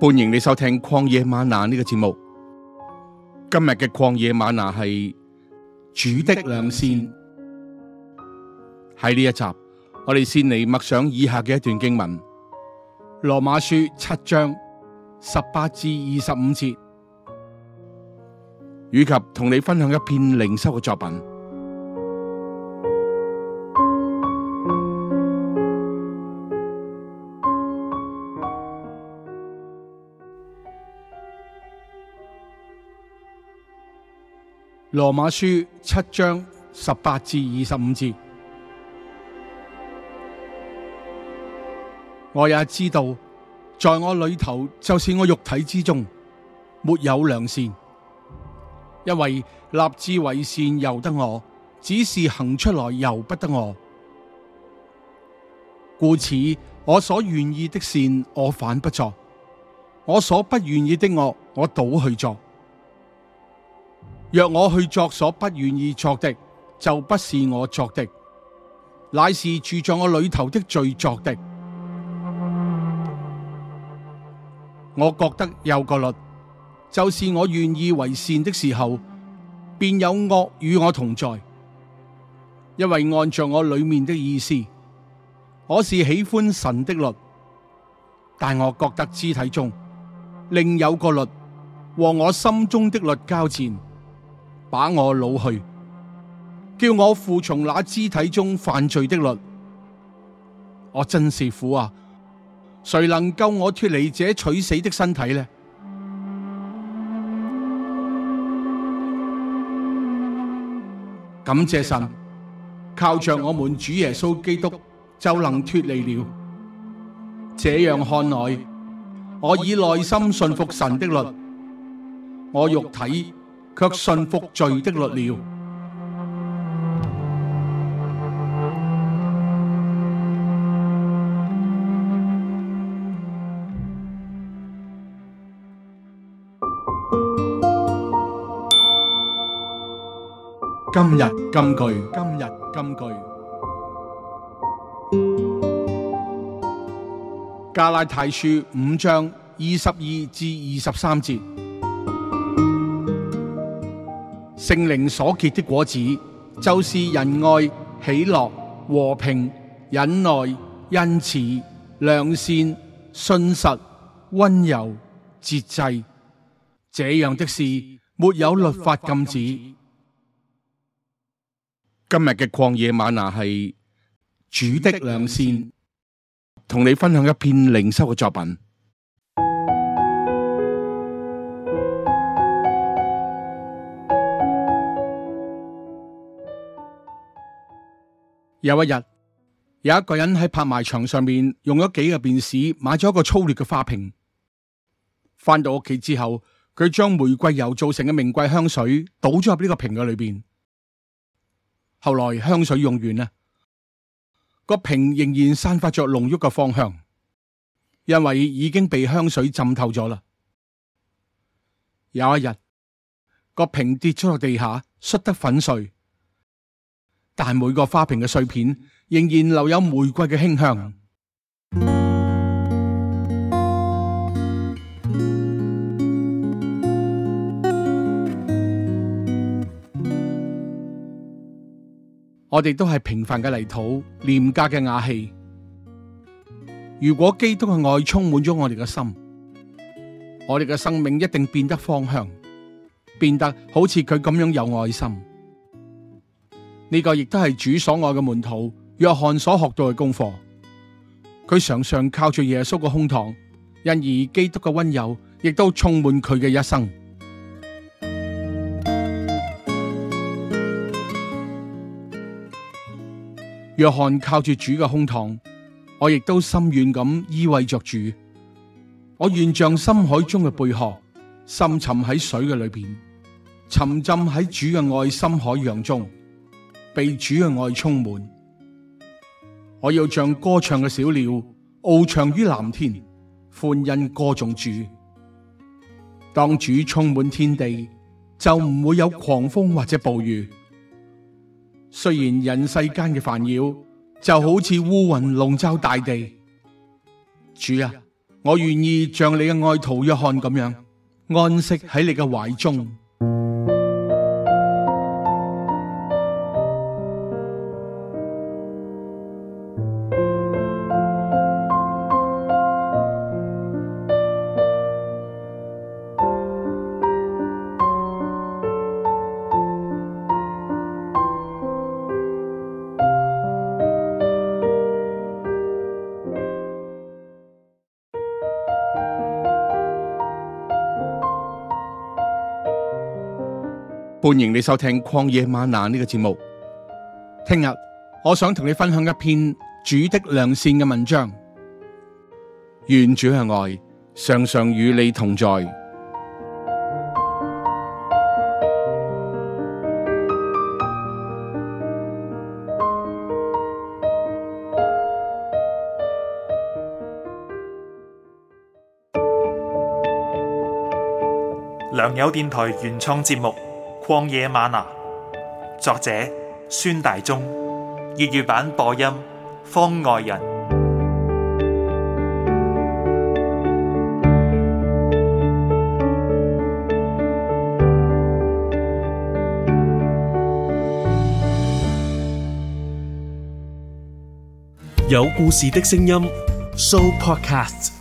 歡迎你收聽曠野嗎哪呢個節目。今日嘅曠野嗎哪係主的良善。喺呢一集，我哋先嚟默想以下嘅一段經文：羅馬書七章十八至二十五節，以及同你分享一篇靈修嘅作品。羅馬書七章十八至二十五節，我也知道，在我裏頭就是我肉體之中沒有良善，因為立志為善由得我，只是行出來由不得我。故此，我所願意的善我反不作，我所不願意的惡我，我倒去作。若我去作所不願意作的，就不是我作的，乃是住在我裏頭的罪作的。我覺得有個律，就是我願意為善的時候，便有惡與我同在，因為按着我裏面的意思，我是喜歡神的律，但我覺得肢體中另有個律，和我心中的律交戰，把我擄去，叫我附從那肢體中犯罪的律，我真是苦啊！誰能救我脫離這取死的身體呢？感謝神，靠着我們主耶穌基督就能脫離了。這樣看來，我以內心信服神的律，我肉體，卻信服罪的律了。今日金句，今日金句。加拉太書五章二十二至二十三節。聖靈所結的果子，就是仁愛、喜樂、和平、忍耐、恩慈、良善、信實、温柔、節制。這樣的事沒有律法禁止。今日嘅曠野嗎哪係主的良善，同你分享一篇靈修嘅作品。有一日，有一個人喺拍賣場上面用咗幾個便士買咗一個粗劣嘅花瓶。返到屋企之後，佢將玫瑰油造成嘅名貴香水倒咗入呢個瓶嘅裏邊。後來香水用完啦，個瓶仍然散發着濃郁嘅芳香，因為已經被香水浸透咗啦。有一日，個瓶跌咗落地下，摔得粉碎。但每個花瓶嘅碎片仍然留有玫瑰嘅馨香。我哋都係平凡嘅泥土，廉價嘅瓦器。如果基督嘅愛充滿咗我哋嘅心，我哋嘅生命一定變得芳香，變得好似佢咁樣有愛心。呢個亦都係主所愛嘅門徒約翰所學到嘅功課。佢常常靠住耶穌嘅胸膛，因而基督嘅溫柔亦都充滿佢嘅一生。約翰靠住主嘅胸膛，我亦都心軟咁依偎着主。我願像深海中嘅貝殼，深沉喺水嘅裏邊，沉浸喺主嘅愛心海洋中。被主嘅愛充滿，我要像歌唱嘅小鳥，翱翔於藍天，歡欣歌頌主。當主充滿天地，就唔會有狂風或者暴雨。雖然人世間嘅煩擾就好似烏雲籠罩大地，主啊，我願意像你嘅愛徒約翰咁樣，安息喺你嘅懷中。歡迎你收聽曠野嗎哪呢個節目。聽日，我想同你分享一篇主的良善嘅文章。願主向外，常常與你同在。良友電台原創節目。曠野嗎哪，作者孫大中，粵語版播音方外人，有故事的聲音 Show Podcast。